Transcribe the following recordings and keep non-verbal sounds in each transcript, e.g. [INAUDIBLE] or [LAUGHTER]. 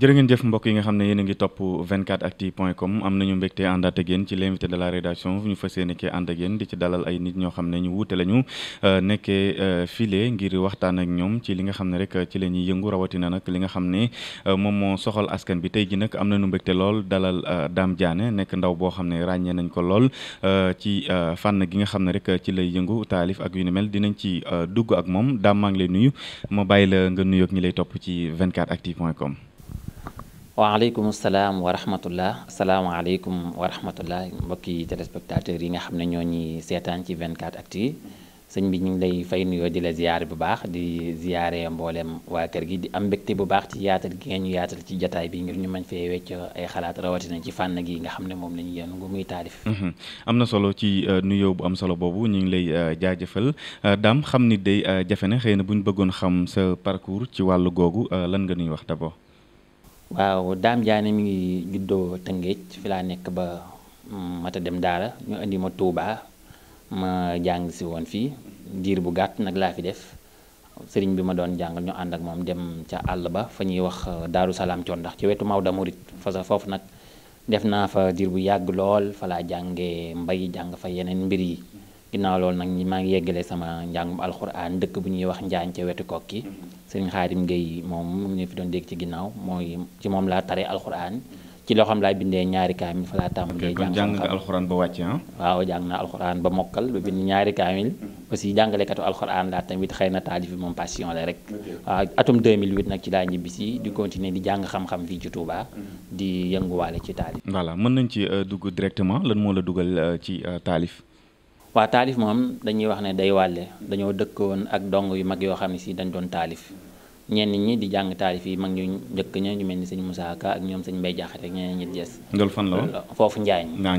jërë ngeen jëf mbokk yi nga xam ne yéen ngi topp 24actu point com am nañu mbégte àndaat ak yéen ci l'invité de la rédaction ñu fas yéene kee ànd ak yéen di ci dalal ay nit ñoo xam ne ñu wuute lañu euh, nekkee euh, file ngir waxtaan ak ñoom ci li nga xam ne rek ci la ñuy yëngu rawatina nag li nga xam ne euh, moom moo soxal askan bi tey ji nag am na nu mbégte lool dalal daam Diané nekk ndaw boo xam ne ràññee nañ ko lool ci fànn gi nga xam ne rek ci lay yëngu ak yu ni mel dinañ ci dugg ak moom maa ngi lay nuyu ma bàyyi la nga nuyoog ñi lay topp ci 24actu point com waaleykum salaam wa rahmatullah asalaamaaleykum wa rahmatullah mbokki téléspectateurs yi nga xam ne ñoo ñuy seetaan ci 24 actu yi sëñ bi ñu ngi lay fay nuyoo di la bu baax di ziyaare mboolem waa kër gi di am mbégte bu baax yaatal gi nga ñu yaatal ci jataay bi ngir ñu mën fee wecc ay xalaat rawatina ci fànn gi nga xam ne moom la ñu yéen muy taalif mhm. am na solo ci euh, nuyo bu am solo boobu ñu ngi lay euh, jaajëfal euh, daam xam ni day jafe na xëy na bu ñu bëggoon xam sa parcours ci wàllu googu lan nga nuy wax d'abord waaw daam jaane mi ngi juddoo Tëngéej fi laa nekk ba mm, mata dem daara ñu indi ma Touba ma jàng si woon fii diir bu gàtt nag laa fi def sëriñ bi ma doon jàngal ñu ànd ak moom dem ca àll ba fa ñuy wax euh, Daaru Salaam coon ndax ci wetu Maodo Mouride fa sa foofu nag def naa fa diir bu yàgg lool fa laa jàngee mbay jàng fa yeneen mbir yi ginnaaw loolu nag maa ngi yeggale sama njàngum alxuraan dëkk bu ñuy wax njaañ ca wetu kokki sëñ xaadim Gueye moom mu ngi fi doon dégg ci ginnaaw mooy ci moom laa tare alxuraan ci loo xam laa bindee ñaari kaamil fa laa tàmbalee jàng nga alxuraan ba wàcc ah? waaw jàng naa alxuraan ba mokkal ba bind ñaari kaamil aussi jàngalekatu alxuraan laa tamit xëy na taalif bi moom passion la rek waaw atum 2008 nag ci laa ñibbisi di continuer di jàng xam-xam fii ci Touba di yënguwaale ci taalif voilà mën nañ ci euh, dugg directement lan moo la dugal euh, ci euh, taalif waa taalif moom dañuy wax ne day wàlle dañoo dëkkoon ak dong yu mag yoo xam ne sii dañ doon taalif ñenn ñi di jàng taalif yi mag ñu njëkk ña ñu mel ni sëñ Moussa Ka ak ñoom sañ Mbay Jaxate ak ñeneen ñi des loolu fan la woon foofu njaañ ah,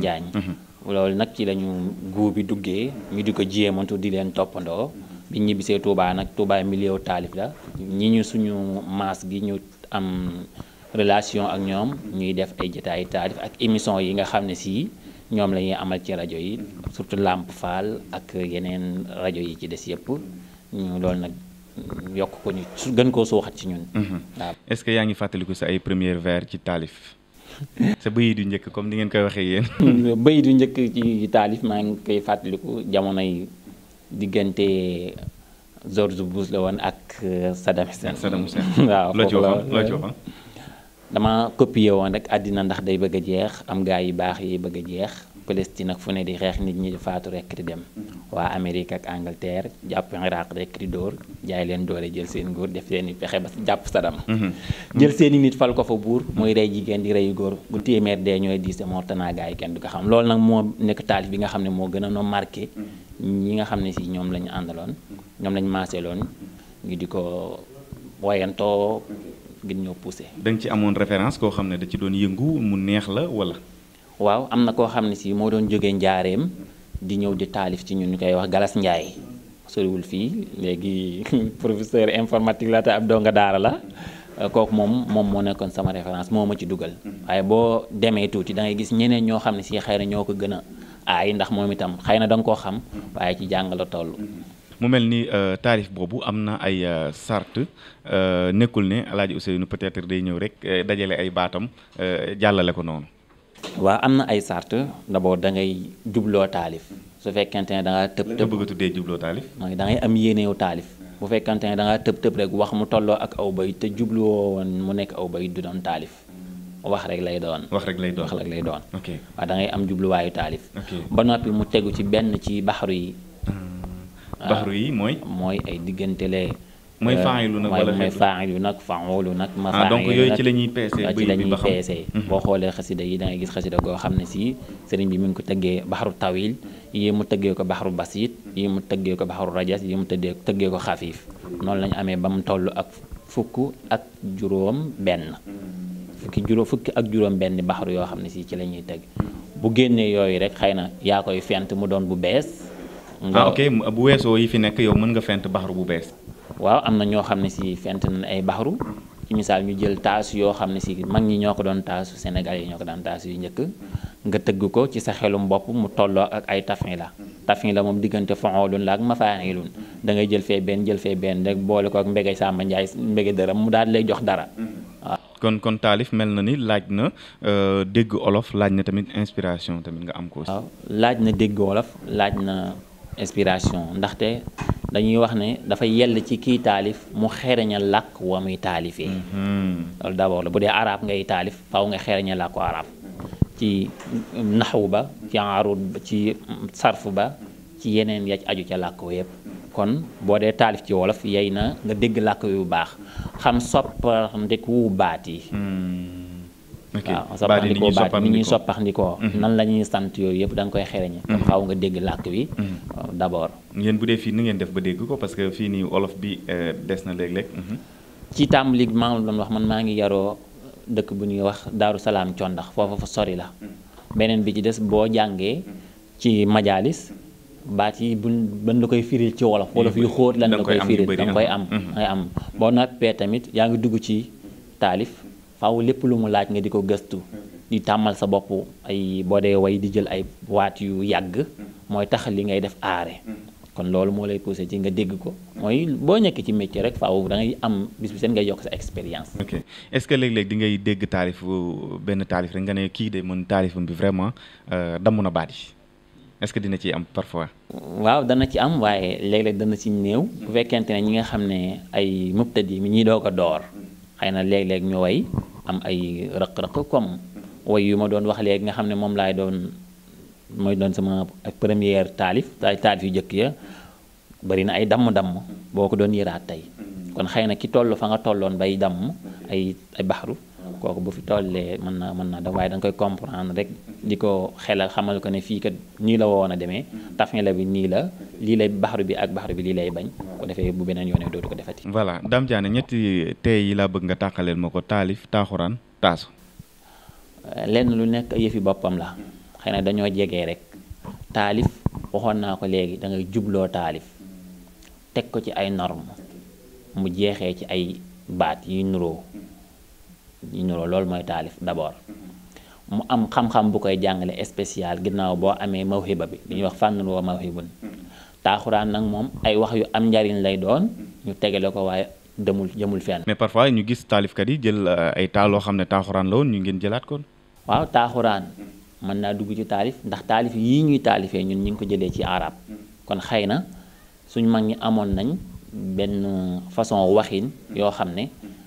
njaañ mhm. loolu nag ci lañu guub bi duggee ñu di ko jéemantu di leen toppandoo bi ñibbisee Touba nag Touba milieu taalif la ñi ñu suñu maas gi ñu am relation ak ñoom ñuy def ay jotaayu taalif ak émission yi nga xam ne sii ñoom la ñuy amal ci rajo yi surtout Lamp Fall ak yeneen rajo yi ci des yëpp ñu loolu nag yokk ko ñu gën koo suuxat ci ñun mhm. waaw est-ce que yaa ngi fàttaliku sa ay première vers ci taalif sa bëy du njëkk comme ni ngeen koy waxee yéen [LAUGHS] bëy du njëkk ci taalif maa ngi koy fàttaliku jamonoy diggante su Bush la woon ak euh, Saddam Hussein [LAUGHS] waaw loo ci waxoon dama copier woon rek àddina ndax day bëgg jeex am gaa yi baax yi bëgg jeex Palestine ak fu ne di xeex nit ñi di faatu rek di dem waa Amérique ak Angleterre jàpp Iraq rek di dóor jaay leen doole jël seen góor def seen i pexe ba jàpp sa Saddam mm-hmm. jël seen i nit fal ko fa buur muy rey jigéen di reyu góor bu téeméer dee ñooy diise moo tanaa gaa yi kenn du ko xam loolu nag moo nekk taalif bi nga xam ne moo gën a no marqué ñi nga xam ne si ñoom la ñu àndaloon la ñu maaseloon di ko ngir ñëw poussé. danga nga ci amoon référence koo xam ne da ci doon yëngu mu neex la wala. waaw am na koo xam ne si moo doon jógee njaareem di ñëw di taalif ci ñun ñu koy wax Galas Ndiaye soriwul fii léegi [LAUGHS] professeur informatique la te ab donga daara la. kooku moom moom moo nekkoon sama référence moo ma ci dugal waaye boo demee tuuti da ngay gis ñeneen ñoo xam ne sii xëy na ñoo ko gën a aay ndax moom itam xëy na danga koo xam waaye ci jàng la toll mu mel ni euh, taarif boobu am na ay euh, sart euh, nekkul ne Alaaji Ousseynou peut-être day ñëw rek dajale ay baatam jàllale ko noonu. waa am na ay sart d'abord da ngay jubloo taalif su fekkente ne da ngaa tëb tëb bëgg a tuddee jubloo taalif. da ngay am yéeneew taalif. bu fekkante ne da ngaa tëb rek wax mu tolloo ak aw bayit te jubluwoo woon mu nekk aw bayit du doon taalif. wax rek lay doon. wax rek lay doon rek lay doon. ok da ngay am jubluwaayu taalif. ba noppi mu tegu ci benn ci baxaru yi. baxru yi mooy. Euh, mooy ay diggante lee. mooy euh, faayilu nag wala mooy faayilu nag faayilu nag. ma ah, faayilu nag donc yooyu ci la ñuy peesee ci la ñuy peesee mhm. boo xoolee xasida yi da ngay gis xasida goo xam ne si sëriñ bi mi ngi ko tëggee baxru tawil yi mu tëggee ko baxru basit yi mu tëggee ko baxru rajas yi mu tëggee tëggee ko xafiif noonu lañu amee ba mu toll ak fukk ak juróom benn fukki juróom fukki ak juróom benn baxru yoo xam ne si ci la ñuy tëgg bu génnee yooyu rek xëy na yaa koy fent mu doon bu bees ah ok bu weesoo yi fi nekk yow mën nga fent baxaru bu bees. waaw am na ñoo xam ne si fent nañ ay baxaru ci misaal ñu jël taasu yoo xam ne si mag ñi ñoo ko doon taasu senegal yi ñoo ko daan taasu yu njëkk nga tëgg ko ci sa xelum bopp mu tolloo ak ay tafin la tafin la moom diggante foxoolun la ak mafaanilun da dangay jël fee benn jël fee benn rek boole ko ak mbége Samba Ndiaye mbége dërëm mu daal lay jox dara waaw kon kon taalif mel na ni laaj na euh, dégg olof laaj na tamit inspiration tamit nga am ko waaw laaj na dégg olof laaj na inspiration ndaxte dañuy wax ne dafa yell ci kii taalif mu xereñ a làkk wa muy taalifee mm-hmm. loolu la bu dee arab ngay taalif faw nga xereñ a làkku arab ci naxwu ba ci arud ci sarf ba ci yeneen ya aju ca làkk yëpp kon boo dee taalif ci wolof yey na nga dégg làkk yu baax xam soppanteku baat yi mm-hmm. waaw soppax ndikoo baat ñuy soppax nan la ñuy sant yooyu yëpp danga koy xereñe mhm. comme xaw nga dégg làkk wi mhm. d' abord ngeen bu dee fii ni ngeen def ba dégg ko parce que fii nii olof bi euh, des na léeg-léeg mhm. ci tàmbali bi maa ngi doon wax ngi yaroo dëkk bu ñuy wax daaru salaam condax foofa fa sori la beneen bi ci des boo jàngee ci majaalis baat yi buñ la koy firil ci wolof wolof yu xóot lan la koy firil da nga am danga ah. am boo noppee tamit yaa ngi dugg ci taalif faaw lépp lu mu laaj nga di ko gëstu di tàmmal sa bopp ay boo dee way di jël ay waat yu yàgg mooy tax li ngay def aare kon loolu moo lay poussé ci nga dégg ko mooy boo nekkee ci métier rek faaw da am bis bi seen ngay yokk sa expérience ok est-ce que léeg-léeg di ngay dégg taarif benn taarif rek nga ne kii de mën taarifam bi vraiment euh, damm na baat yi est-ce que dina ci am parfois waaw dana ci am waaye léeg-léeg dana ci néew bu fekkente ne ñi nga xam ne ay mubtadi mi ñuy doog a door xëy na léeg-léeg ñu way am ay rëq-rëq comme way yu ma doon wax léegi nga xam ne moom laay doon mooy doon sama première taalif ay taalif yu jëkk ya bari na ay damm-damm boo ko doon yëraat tey mm-hmm. kon xëy na ki toll fa nga tolloon bay damm ay ay baxru kooku bu fi tollee mën naa mën na def waaye danga nga koy comprendre rek di ko xelal xamal ko ne fii kat nii la woon a demee tafin la bi nii la lii lay baxaru bi ak baxaru bi lii lay bañ ko defee bu beneen yoone dootu ko defati voilà Dame Diané ñetti tey yi laa bëgg nga tàqaleel ma ko taalif taaxuraan taasu lenn lu nekk yëfi boppam la xëy na dañoo jege rek taalif waxoon naa ko léegi da ngay jubloo taalif teg ko ci ay norme mu jeexee ci ay baat yuy ñu loolu mooy taalif d'abord mu am xam-xam bu koy jàngale spécial ginnaaw boo amee mawhiba bi li ñuy wax fànnun wa mawhibun taaxuraan nag moom ay wax yu am njariñ lay doon ñu tegale ko waaye demul jëmul fenn. mais parfois ñu gis taalifkat yi jël euh, ay taaloo xam ne taaxuraan la woon ñu ngeen jëlaat kon. waaw taaxuraan mën naa dugg ci taalif ndax taalif yii ñuy taalifee ñun ñu ngi ko jëlee ci arab kon xëy na suñ mag ñi amoon nañ benn façon waxiin yoo xam ne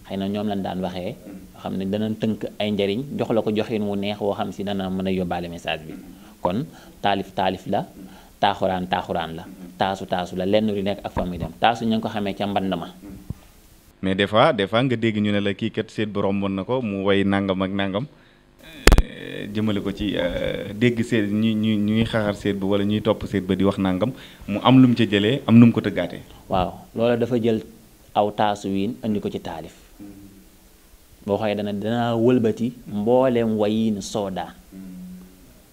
xëy na ñoom lañ daan waxee xam ne dana tënk ay njariñ jox la ko joxin wu neex woo xam si dana mën a yóbbaale message bi kon taalif taalif la taaxuraan taaxuraan la taasu taasu la lenn lu nekk ak fa muy dem taasu ñu ngi ko xamee ca mband ma mais des fois des fois nga dégg ñu ne la kii kat seet borom mën na ko mu woy nangam ak nangam euh, jëmale ko ci euh, dégg seet ñuy ñuy ñuy xaxar seet wala ñuy topp seet ba di wax nangam mu am lu mu ca jëlee am nu mu ko tëggaatee. waaw loola dafa jël aw taasu wiin boo xoolee dana danaa wëlbati mbooleem wayin sooda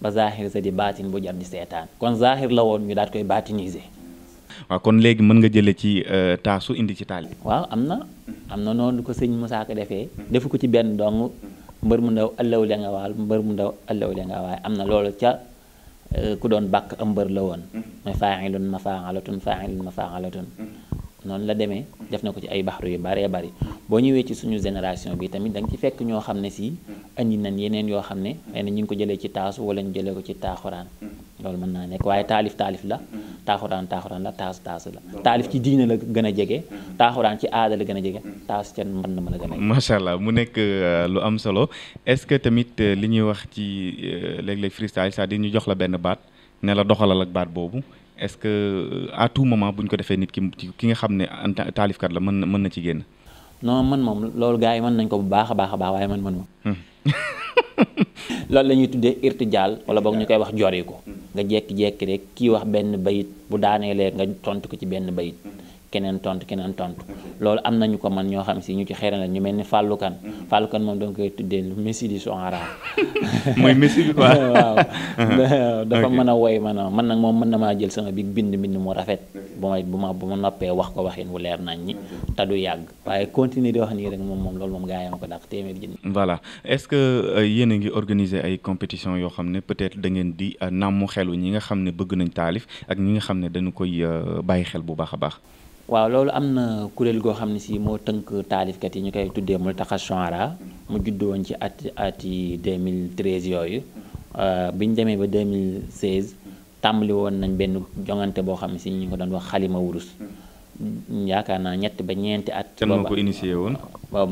ba zaaxir sa di baatin bu jar di seetaan kon zaaxir la woon ñu daal koy baatiniser waaw kon léegi mën nga jële ci euh, taasu indi ci taal waaw am na am na noonu ko sëñ Moussa ko defee defu ko ci benn dong mbër mu ndaw allaw le nga mbër mu ndaw allaw le nga am na loolu ca euh, ku doon bàkk am mbër la woon mm. ma faaxilun ma faaxalatun faaxilun ma faaxalatun noonu la demee def na ko ci ay baxru yu bëree bëri boo ñëwee ci suñu génération bi tamit da nga ci fekk ñoo xam ne si andi nañ yeneen yoo xam ne xëy na ñu ngi ko jëlee ci taasu wala ñu jëlee ko ci taaxuraan loolu mën naa nekk waaye taalif taalif la taaxuraan taaxuraan la taasu taasu la taalif ci diine la gën a jege taaxuraan ci aada la gën a jege taasu ca mën na ma la gën a macha allah mu nekk euh, lu am solo est-ce que tamit euh, li ñuy wax ci euh, léeg-léeg freestyle c'est-à-dire jox la benn baat ne la doxalal ak baat boobu est-ce que à tout moment bu ñu ko defee nit ki ki nga xam ne taalifkat la mën na mën na ci génn. non man moom loolu gars yi mën nañ ko bu baax a baax a baax waaye man man moom. [LAUGHS] loolu lañuy ñuy tuddee jaal wala boog ñu koy wax jori ko. Hmm. nga jékki-jékki rek kii wax benn bayit bu daaneelee nga tontu ko ci benn bayit. Hmm. keneen tontu keneen tontu loolu am nañu ko man ñoo xam si ñu ci xeeran la ñu mel ni fàllukan fàllukan moom donc koy tuddee messi di son arabe [LAUGHS] mooy messi bi quoi [LAUGHS] waaw [LAUGHS] dafa mën a woy man man nag moom mën na maa jël sama bi mbind mbind mu rafet bu bu ma bu ma noppee wax ko waxin wu leer nañ ñi te du yàgg waaye continuer di wax nii rek moom moom loolu moom gaa yi ko dàq téeméer jënd voilà est-ce que euh, yéen a ngi organiser ay compétition yoo xam ne peut-être da ngeen di euh, nàmm xelu ñi nga xam ne bëgg nañ taalif ak ñi nga xam ne dañu koy euh, bàyyi xel bu baax a baax waaw loolu am na kuréel goo xam ne si moo tënk taalifkat yi ñu koy tuddee Multaqa Shu'ara mu judd woon ci at ati 2013 yooyu euh, bi ñu demee ba 2016 tàmbali woon nañ benn jongante boo xam ne si ñu ko doon wax xalima wurus yaakaar naa ñett ba ñeenti at. kenn moo ko initié woon.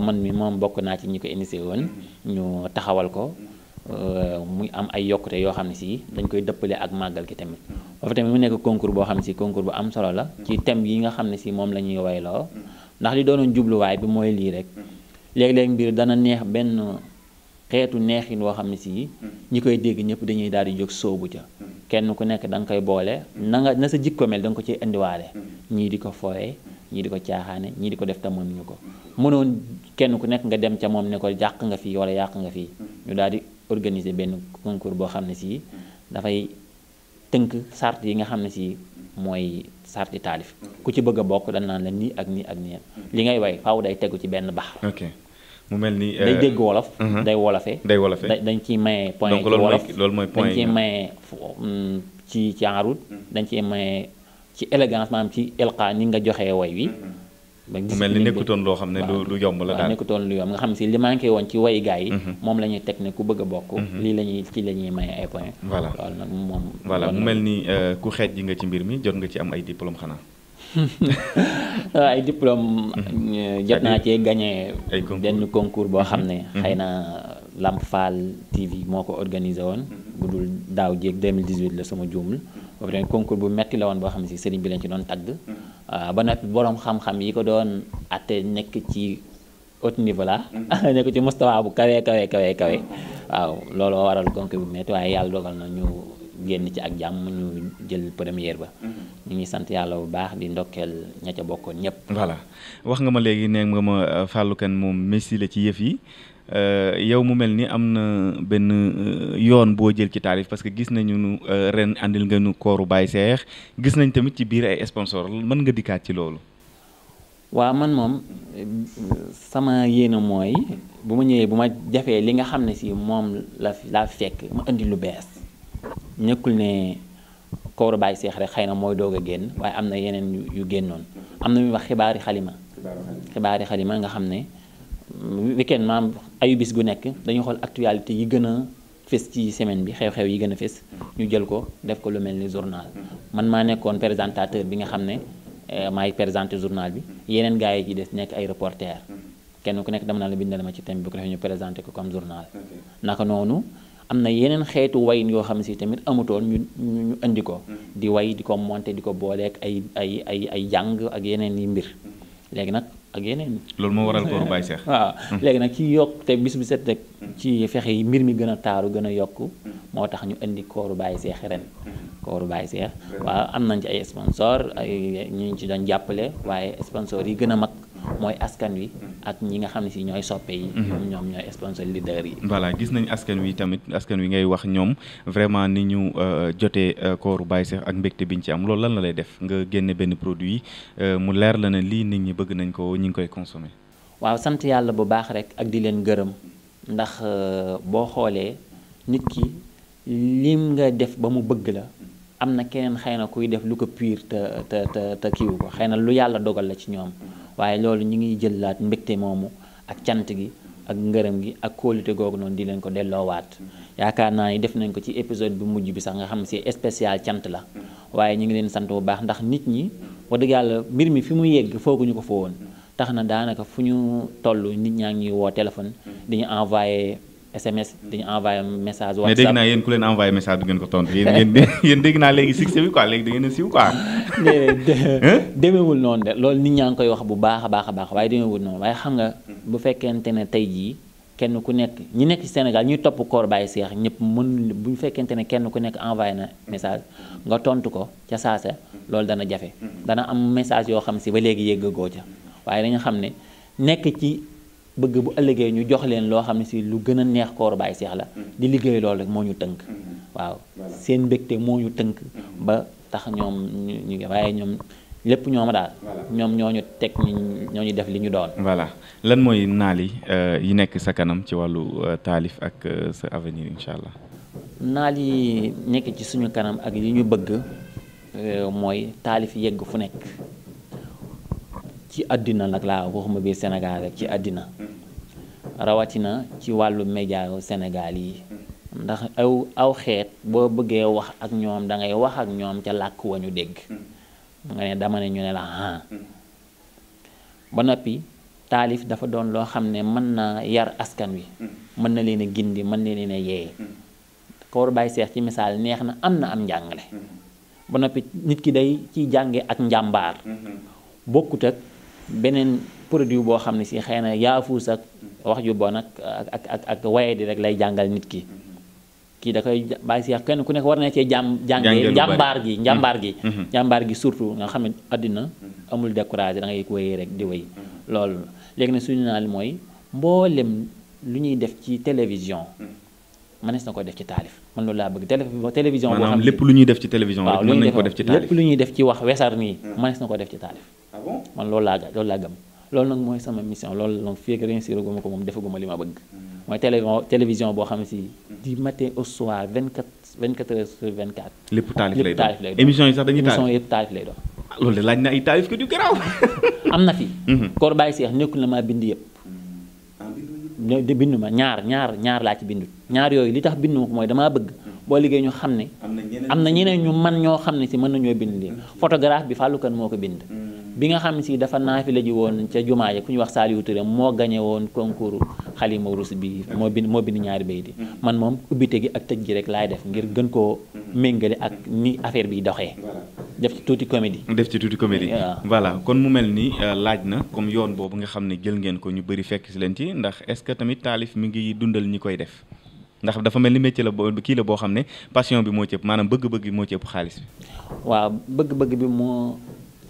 man mi moom bokk naa ci ñi ko initié woon ñu taxawal ko. Euh, muy am ay yokkute yoo xam ne sii dañ koy dëppale ak màggal gi tamit foofu tamit mu nekk concours boo xam ne si concours bu am solo la ci thème yi nga xam ne si moom la ñuy wayloo ndax li doonoon jubluwaay bi mooy lii rek léeg-léeg mbir dana neex benn xeetu neexin woo xam ne si ñi koy dégg ñëpp dañuy daal di jóg soobu ca kenn ku nekk da nga koy boole na nga na sa jikko mel da nga ko ciy indiwaale ñii di ko fooye ñii di ko caaxaane ñii di ko def te mënuñu ko mënoon kenn ku nekk nga dem ca moom ne ko yàq nga fii wala yàq nga fii organiser benn concours boo xam ne si dafay tënk sart yi nga xam ne si mooy sarti taalif ku ci bëgg a bokk dañ naan la nii ak nii ak nii li ngay way faaw day tegu ci benn bax mu mel ni day euh, dégg wolof. Mhm. day wolofe day wolofe dañ ciy maye point ci wolof loolu mooy point dañ ciy maye mm, ci ci en mhm. dañ ci maye ci élégance maanaam ci elqa ni nga joxe woy wi mhm. ba gis mel ni nekkutoon loo xam ne lu yomb la daal nekkutoon lu yomb nga xam si li manqué woon ci way gaay yi mhm. moom la ñuy teg ne ku bëgg a bokk mhm. lii la ñuy ci la ñuy maye ay moom voilà mu mel ni euh, ku xeej ji nga ci mbir mi jot nga ci am ay diplôme xanaa [LAUGHS] ay diplôme mhm. jot naa cee gagné benn concours boo xam ne xëy na Lamp Fall TV moo ko organisé woon bu dul daaw jéeg 2018 la sama juumul boobu tamit concours bu metti la woon boo xam si sëriñ bi lañ ci doon tagg ah, ba noppi borom xam-xam yi ko doon atte nekk ci haut niveau la mm-hmm. [LAUGHS] nekk ci Moustapha bu kawe kawe kawe kawe waaw loolu waral concours bu metti waaye yàlla dogal na ñu génn ci ak jàmm ñu jël première ba. Mm-hmm. ñu ngi sant yàlla bu baax di ndokkeel ña ca bokkoon ñëpp. voilà wax nga ma léegi ne nga ma Fallou Kane moom messi la ci yëf yi. Euh, yow mu mel ni am na benn euh, yoon boo jël ci taalif parce que gis nañu nu euh, ren àndil nga nu kooru Baye Seex gis nañ tamit ci biir ay sponsor mën nga dikkaat ci loolu waa man moom sama yéene mooy bu ma ñëwee bu ma jafee li nga xam ne si moom la laa fekk ma indi lu bees ñëkkul ne kooru baay Seex rek xëy na mooy doog a génn waaye am na yeneen yu génnoon am na muy wax xibaari xalima xibaari xalima nga xam ne weekend maam ayu bis gu nekk dañu xool actualité yi gën a fes ci semaine bi xew-xew yi gën a fes ñu jël ko def ko lu mel ni journal man maa nekkoon présentateur bi nga xam ne eh, maay présenté journal bi yeneen gars yi ci des nekk ay reporter kenn ku nekk dama naa la bindal ma ci thème bi bu ñu présenté ko comme journal naka noonu am na yeneen xeetu wayin yoo xam ne si tamit amutoon ñu ñu indi ko mm-hmm. di way di ko monté di ko booleek ay ay ay ay jàng ak yeneen yi mbir léegi nag ak yeneen. loolu moo waral kooru Baye seex waaw hmm. léegi nag ci yokk te bis bi set rek. ci fexe yi mbir mi gën a taaru gën a yokk. moo tax ñu indi kooru Baye seex ren. kooru Baye Cheikh. waaw am nañ ci ay sponsor ay ñu ci dañ jàppale waaye sponsor yi gën a mag mooy askan wi. Hmm. ak ñi nga xam ne si ñooy soppe yi mhm. ñoom ñoom ñooy sponsor yi voilà gis nañ askan wi tamit askan wi ngay wax ñoom vraiment ni ñu euh, jotee euh, kooru Baye Cheikh ak mbégte biñ ci am loolu lan la lay def nga génne benn produit euh, mu leer la ne lii nit ñi bëgg nañ ko ñi ngi koy consommer waaw sant yàlla bu baax rek ak di leen gërëm ndax boo xoolee nit ki lim nga def ba mu bëgg la am na keneen xëy na kuy def lu ko pire te te te ko xëy na lu yàlla dogal la ci ñoom waaye loolu ñu ngi jëllaat mbégte moomu ak cant gi ak ngërëm gi ak kóolute googu noonu di leen ko delloowaat yaakaar naa ni def nañ ko ci épisode bu mujj bi sax nga xam si spécial cant la waaye ñu ngi leen sant bu baax ndax nit ñi wax dëgg yàlla mbir mi fi mu yegg fooguñu ko fa woon tax na daanaka fu ñu toll nit ñaa ngi woo téléphone di envoyé SMS dañu envoyé message. WhatsApp mais dégg naa yéen ku leen envoyé message du ngeen ko tontu [LAUGHS] yéen dégg naa léegi succès bi quoi léegi da a siiw quoi. [LAUGHS] [LAUGHS] demeewul noonu de lool nit ñaa ngi koy wax bu baax a baax a baax waaye demeewul noonu waaye xam nga. bu fekkente ne tey jii kenn ku nekk ñi nekk ci Sénégal ñuy topp koor Baye Cheikh ñëpp mën bu fekkente ne kenn ku nekk envoyé na message nga tontu ko ca saasa loolu dana jafe. Mm-hmm. dana am message yoo xam si ba léegi yëggagoo ca waaye dañu xam ne nekk bëgg bu ëllëgee ñu jox leen loo xam ne si lu gën a neex koor Baye Cheikh la mm-hmm. di liggéey loolu rek moo ñu tënk mm-hmm. waaw seen mbégte moo ñu tënk mm-hmm. ba tax ñoom ñu waaye ñoom lépp ñoom daal ñoom ñoo ñu teg ñoo ñu def li ñu doon voilà lan mooy naal yi euh, yi nekk sa kanam ci wàllu euh, taalif ak euh, sa avenir incha allah naal yi nekk ci suñu kanam ak li ñu bëgg mooy taalif yegg fu nekk ci àddina nag laa waxuma biir Sénégal ci àddina rawatina ci wàllu média yu Sénégal yi ndax aw aw xeet boo bëggee wax ak ñoom da wax ak ñoom ca làkk wa ñu dégg nga ne dama ñu ne la ah ba noppi taalif dafa doon loo xam ne mën na yar askan wi mën na leen a gindi mën na leen a yee bàyyi seex ci misaal neex na am na am njàngale ba noppi nit ki day ciy jànge ak njàmbaar mm-hmm. bokkut beneen produit boo xam ne si xëy na yaafuus ak wax ju bon ak ak ak ak waye di rek lay jàngal nit ki kii da koy bàyyi si kenn ku nekk war na cee jàm jàngee njàmbaar gi mm-hmm. njàmbaar gi mm-hmm. njàmbaar gi surtout nga xam ne àddina mm-hmm. amul découragé da ngay wéyee rek di wéy loolu léegi na suñu naal mooy mboolem lu ñuy def ci télévision mënees na ko def ci taalif man loolu laa bëgg télévision boo ñuy def ci télévision rek mën nañ def ci taalif lépp lu ñuy def ci wax wesar nii mënees na ko def ci taalif ah man loolu laa loolu laa gëm loolu nag mooy sama mission loolu donc fii ak réussir guma ko moom defaguma li ma bëgg hmm. mooy télé télévision boo xam ne si hmm. du matin au soir 24 24 heures lépp taalif lay doon émission sax dañuy taalif émission yëpp taalif lay doon ah, loolu de laaj na [LAUGHS] na fi hmm. koor bàyyi seex nekkul na maa bind yëpp ah, di bindu ma ñaar ñaar ñaar laa ci bindu ñaar yooyu li tax bindu ma ko mooy damaa bëgg boo liggéey ñu xam ne am na ñeneen ñu man ñoo xam ne si mën ñoo bind lii photographe bi fàllukan moo ko bind bi nga xam si dafa naafila ji woon ca jumaa ja ku ñu wax Saliou Touré moo gañe woon concours xalima rus bi moo bind ñaari bayti mm-hmm. man moom ubbite gi ak tëj gi rek laay def ngir gën koo mm-hmm. méngale ak ni affaire bi doxee def ci tuuti comédie def ci tuuti comédie voilà kon mu mel ni euh, laaj na comme yoon boobu nga xam ne jël ngeen ko ñu bëri fekk si leen ci ndax est-ce que tamit taalif mi ngi dundal ñi koy def ndax dafa mel ni métier la boo kii la boo xam ne passion bi moo ci ëpp maanaam bëgg-bëgg moo ci ëpp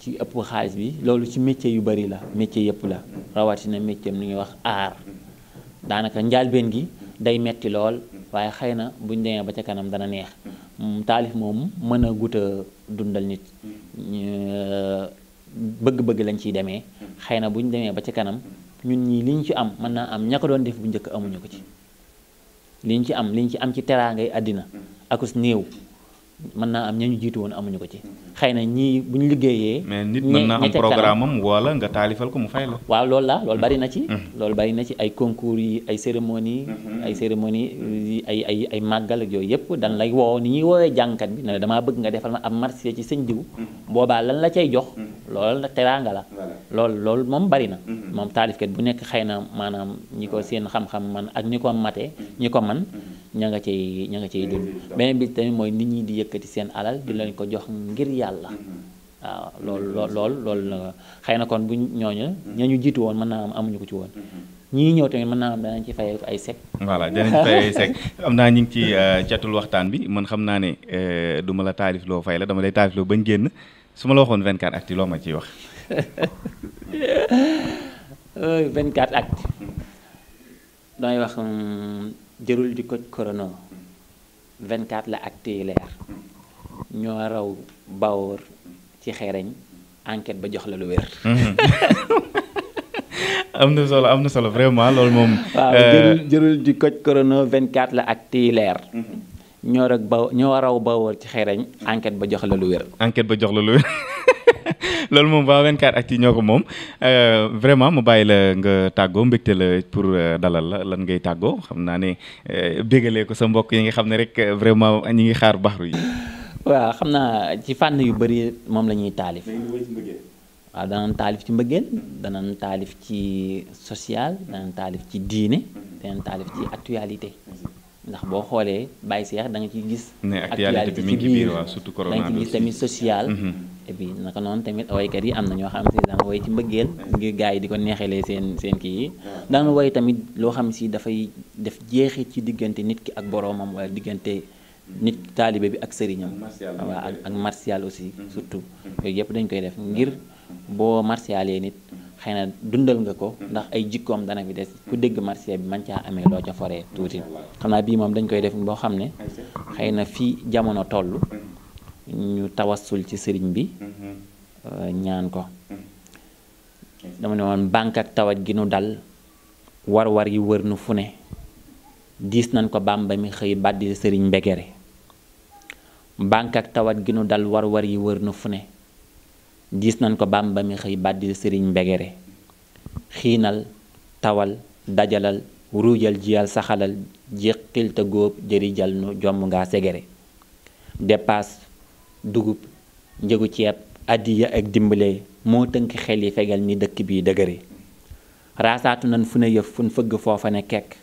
ci ëpp xaalis bi loolu ci métier yu bari la métier yëpp la rawatina métier nu ñuy wax aar daanaka njaalbeen gi day metti lool waaye xëy na buñ demee ba ca kanam dana neex mm, taalif moom mën a gut dundal nit euh, bëgg-bëgg lañ ciy demee xëy na buñ demee ba ca kanam ñun ñii liñ ci am mën naa am ña doon def bu njëkk amuñu ko ci liñ ci am liñ ci am ci teraangay àddina akus néew mën naa am ña ñu jiitu woon amuñu ko ci xëy na ñii bu ñu liggéeyee mais nit mën naa am programme am wala nga taalifal ko mu fay la waaw loolu la loolu bari na ci mm-hmm. loolu bari na ci ay concours yi ay cérémonie mm-hmm. ay cérémonie yi mm-hmm. ay ay ay màggal yooyu yëpp dan lay woo ni ñuy woowee jàngkat bi ne la damaa bëgg nga defal ma am marché ci sëñ diw boobaa lan la cay jox loolu teraanga la loolu loolu moom bari na moom taalifkat bu nekk xëy na maanaam ñi ko seen xam-xam man ak ñi ko mate ñi ko man ña nga cay ña nga cay dund yëkkati seen alal di leen ko jox ngir yàlla mm-hmm. waaw loolu lool lool la xëy na kon bu ñooñu mm-hmm. ñañu jiitu woon man naa am amuñu ko ci woon mm-hmm. ñii ñëw tamit mën naa am danañ ci fay ay sec. voilà danañ ci fay ay sec [LAUGHS] am naa ñu ci euh, catul waxtaan bi man xam naa ne euh, du ma la taalif fay la dama lay taalif loo bañ génn su ma la waxoon 24 actu loo ma ciy wax. 24 [LAUGHS] actu damay wax mm, jërul di ko corona. 24 la ak téeleer ñoo raw bawoor ci xereñ enquête ba jox la lu wér. Mhm. [LAUGHS] am na solo am na solo vraiment loolu moom. waaw euh, jërul jërul di koj corona 24 la ak téeleer. ñoo mhm. rek ba ñoo raw bawoor ci xereñ enquête ba jox la lu wér. enquête ba jox la lu wér. [LAUGHS] loolu moom waa ak actu ñoo ko moom euh, vraiment mu bàyyi la nga tàggoo mbégte la pour euh, dalal la lan ngay tàggoo xam naa ne euh, bégalee ko sa mbokk yi nga xam ne rek vraiment ñi ngi xaar baxru yi. waaw xam naa ci fànn yu bari moom la ñuy taalif. waaw danañ taalif ci mbëggeel danañ taalif ci social danañ taalif ci diine danañ taalif ci actualité ndax boo xoolee Baye Cheikh da nga ciy gis. actualité bi mi biir surtout corona da nga ciy gis tamit social. Mm-hmm. bi naka noonu tamit waykat yi am na ñoo xam si daan woy ci mbëggeel ngir gaa yi di ko neexalee seen seen kii yi daan woy tamit loo xam si dafay def jeexi ci diggante nit ki ak boroomam wala diggante nit taalibe bi ak sëriñam waaw ak ak martial aussi mm-hmm. surtout mm-hmm. yooyu yëpp dañ koy def ngir boo martialee nit xëy na dundal nga ko mm-hmm. ndax ay jikkoom dana fi des ku dégg martial bi man caa amee loo ca foree tuuti xam naa bii moom dañ koy def boo xam ne xëy na fii jamono toll ñu tawassul ci sëriñ bi mm-hmm. euh, ñaan ko mm-hmm. dama ne woon banque ak tawat gi nu dal war war yi wër nu fu ne diis nañ ko bàmba mi xëy tawat gi dal war war wër nu fu ne diis nañ ko bàmba mi xëy bàddi sëriñ mbegere xiinal tawal dajalal ruujal jiyal saxalal jéqil te góob jërijal nu jomb ngaa segere dépasse dugub njëgu ceeb addiya ak dimbale moo tënk xel yi fegal ni dëkk bi dëgëre raasaatu nan fu ne yëf fun fëgg foofa ne kekk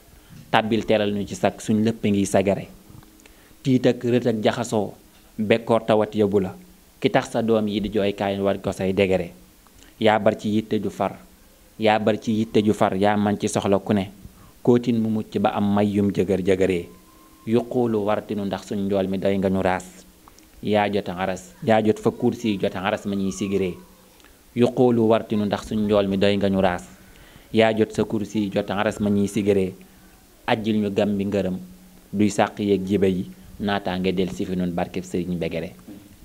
tàbbil teral ñu ci sag suñ lépp ngiy sagare tiit ak rët ak jaxasoo bekkoor tawat yóbbu la ki tax sa doom yi di jooykaay war ko say degere yaa bar ci yitte ju far yaa bar ci man ci soxla ku ne kootin mu mucc ba am may yum jëgër jëgëree yuquulu wartinu ndax suñ njool mi doy nga ñu raas yaa jota xaras yaa jot fa kursi jota xaras ma ñuy sigiree yuqoolu wartinu ndax suñ njool mi doy nga ñu raas yaa jot sa kursi jota xaras ma ñuy sigiree ajjil ñu gam bi ngërëm duy sàq yeeg jiba yi naataange del si fi nun barkeb sëriñ Mbegere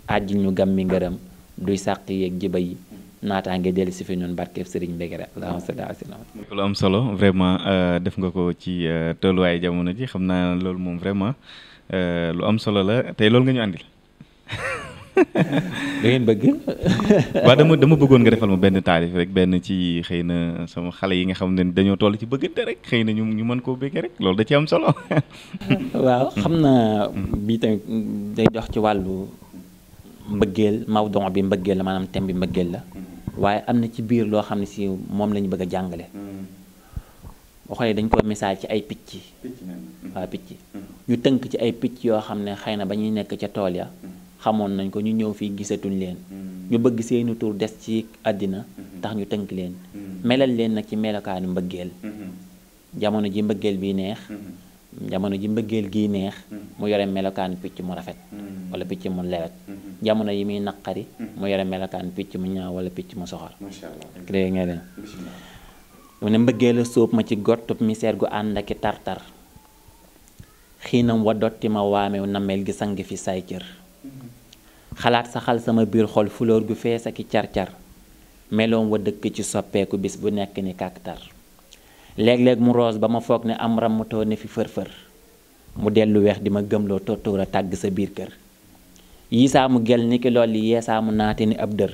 ajjil ñu gam bi ngërëm duy sàq yeeg jiba yi naataange dellu si fi ñun barkeef Serigne Mbegere allahumma salli lu am solo vraiment euh, def nga ko ci euh, tolluwaayu jamono ji xam naa loolu moom vraiment euh, lu am solo la tey loolu nga ñu àndil. da ngeen bëgg. [LAUGHS] waaw dama dama bëggoon nga defal ma benn taarif rek benn ci xëy na sama xale yi nga xam ne dañoo toll ci bëgg bëggante rek xëy na ñu ñu mën koo bëggee rek loolu da am solo. [LAUGHS] xam naa bii tamit dox ci wàllu mbëggeel mawdon bi mbëggeel la maanaam thème bi mbëggeel la. waaye am na ci biir loo xam ne si moom lañu bëgg a jàngale. boo dañ ko misaal ci ay picc. waaw picc ñu tënk ci ay picc yoo xam ne xëy na ba ñuy nekk ca tool ya. xamoon nañ ko ñu ñëw fii gisatuñ leen mm. ñu bëgg seeni tur des ci àddina mm-hmm. tax ñu tënk leen mm-hmm. melal leen nag ci melokaanu mbëggeel mm-hmm. jamono ji mbëggeel bi neex jamono ji mbëggeel gi neex mu yore melokaan picc mu rafet wala picc mu lewet jamono yi muy naqari mu yore melokaan picc mu ñaaw wala picc mu soxor crée nga mu ne mbëggeel a sóob ma ci gottub misère gu ànd aki tartar xiinam wa dotti ma waamew nameel gi sang fi say cër xalaat sa xal sama biir xol fulóor gu fees ak i car-car meloom wa dëkk ci soppeeku bis bu nekk ni kàktar léeg-léeg mu roos ba ma foog ni am rammatoo ne fi fër-fër mu dellu weex di ma gëmloo tóortóor a tàgg sa biir kër yii saa mu gel ni ki lool yeesaa mu naate ni ab dër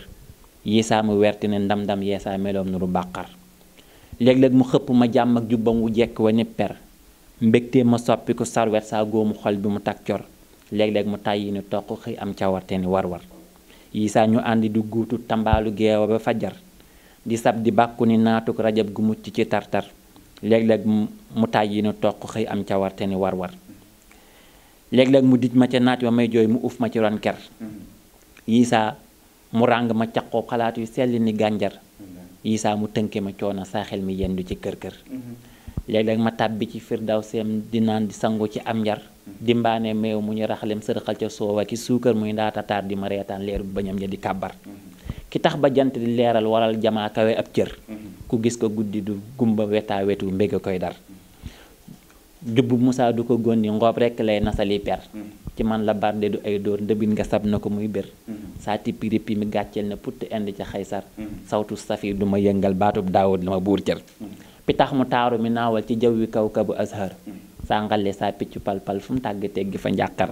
yii saa mu werti ne ndam-ndam yeesaa meloom nuru bàqar léeg-léeg mu xëpp ma jàmm ak jubbam wu jekk wa ni per mbégtee ma soppiku sarwet saa góomu xol bi mu tak cor léeg-léeg mu tàyyi ni toq xëy am cawarte ni war-war yi ñu àndi di guutu tambaalu geewa ba fajar di sab di bàkku ni naatuk rajab gu mucc ci tartar léeg-léeg mu tàyyi ni toq xëy am cawarte ni war-war léeg-léeg mu dij ma ca naaj wa may jooy mu uf ma ci ron ker yi saa mu ràng ma caqoo xalaat yu sell ni gànjar yi mm-hmm. saa mu tënke ma coono saaxel mi yendu ci kër kër mm-hmm. léeg-léeg ma tàbbi ci firdaw seem di naan di sangu ci am njar di mbaane meew mu ñu raxalem sërxal ca soowa ki suukar muy ndaata taar di ma reetaan leer bu bañam ja di kàbbar ki tax ba jant di leeral waral jamaa kawe ab cër ku gis ko guddi du gumba wetaa wetu mbégi koy dar jubb musaa du ko gónni ngoob rekk lay nasali per ci man la barde du ay dóor ndëbin nga sab na ko muy bér saa tippi rippi mi gàcceel na putt ind ca xaysar sawtu safi du ma yëngal baatub daawut la pitax mu taaru mi naawal ci jaww wi kaw kabu azhar saa ngale saa picc palpal fu mu tàgg teggi fa njàqar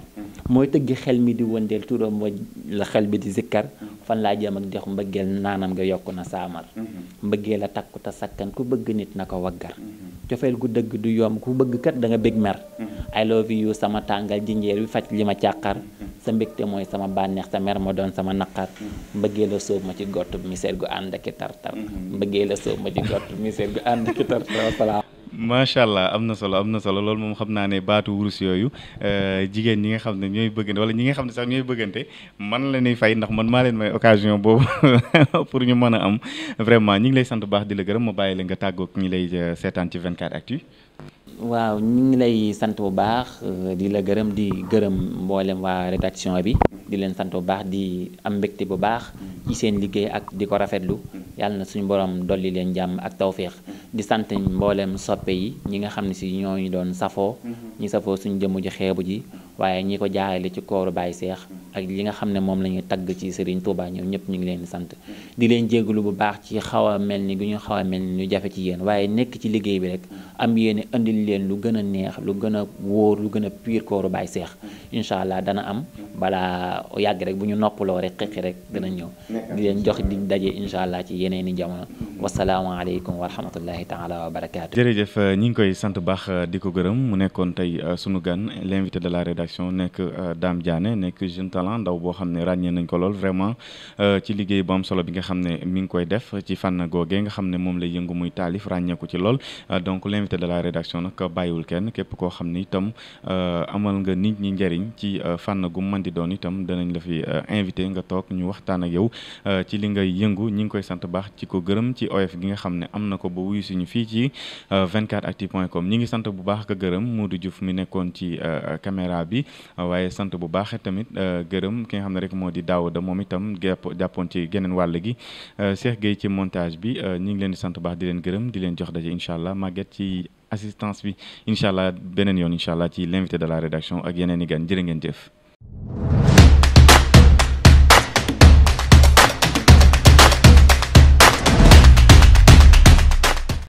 mooy tëgg xel mi di wëndeel turam mooy la xel bi di zikkar fan laa jëm ak jox mbëggeel naanam nga yokk na saamar mbëggeel a takku te sakkan ku bëgg nit na ko waggar cofeel gu dëgg du yomb ku bëgg kat da nga bég mer I love you sama tàngal jinjeer bi faj li ma càqar sa mbégte mooy sama bànneex sa mer ma doon sama naqar mbëggee la sóob ma ci gottu misère gu ànd ak i tartar mbëggee la sóob ma ci gottu misère gu ànd ak i tartar macha allah am na solo am na solo loolu moom xam naa ne baatu wurus yooyu euh, jigéen ñi nga xam ne ñooy bëggante wala ñi nga xam ne sax ñooy bëggante man la ñuy fay ndax man maa leen may occasion boobu [LAUGHS] pour ñu mën a am vraiment ñi ngi lay sant baax di la gërëm ma bàyyi la nga tàggoog ñi lay euh, seetaan ci 24 actu waaw ñu ngi lay sant bu baax euh, di la gërëm di gërëm mboolem waa rédaction bi di leen sant bu baax di am mbégte bu baax ci seen liggéey ak di ko rafetlu yàlla na suñu borom dolli leen jàmm ak tawféex di sant mboolem soppe yi ñi nga xam ne si ñoo ngi doon safoo mm-hmm. ñi safoo suñ jëmm ji xeebu ji waaye ñi ko jaarale ci kooru Baye Seex ak li nga xam ne moom la ñu tagg ci Serigne Touba ñoom ñëpp ñu ngi leen di sant di leen jégalu bu baax ci xaw mel ni gu ñu xaw a mel ni ñu jafe ci yéen waaye nekk ci liggéey bi rek am yéene indil leen lu gën a neex lu gën a wóor lu gën a piir kooru Baye seex incha allah dana am balaa yàgg rek bu ñu noppaloo rek xeqi rek dana ñëw di leen jox di daje incha allah ci yeneen i jamono wasalaamaaleykum wa rahmatullahi taala wa barakaatu jërëjëf euh, ñi ngi koy sant baax euh, di ko gërëm mu nekkoon tey euh, sunu gan l'invité de la rédaction nekk Dame Diané talent ndaw boo xam ne ràññee nañ ko lool vraiment euh, ci liggéey bu am solo bi nga xam ne mi ngi koy def ci fànn googee nga xam ne moom lay yëngu muy taalif ràññeeku ci lool euh, donc l'invité de la rédaction nag bàyyiwul kenn képp koo xam ne itam euh, amal nga nit ñi njëriñ ci fànn gu mën di doon itam danañ la fi invité nga toog ñu waxtaan ak yow ci li ngay yëngu ñi ngi koy sant baax ci ko gërëm ci oyof gi nga xam ne am na ko ba wuyu suñu fii ci 24actu.com ñi ngi sant bu baax ka gërëm Modou Diouf mi nekkoon ci caméra bi gërëm ki xam ne rek moo di daaw Daouda moom itam jàpp jàppoon ci geneen wàll gi euh, Cheikh Gueye ci montage bi euh, ñu ngi leen di sant baax di leen gërëm di leen jox daje incha allah magget ci assistance bi incha allah beneen yoon incha allah ci l'invité de la rédaction ak yeneen i gan jërë ngeen jëf.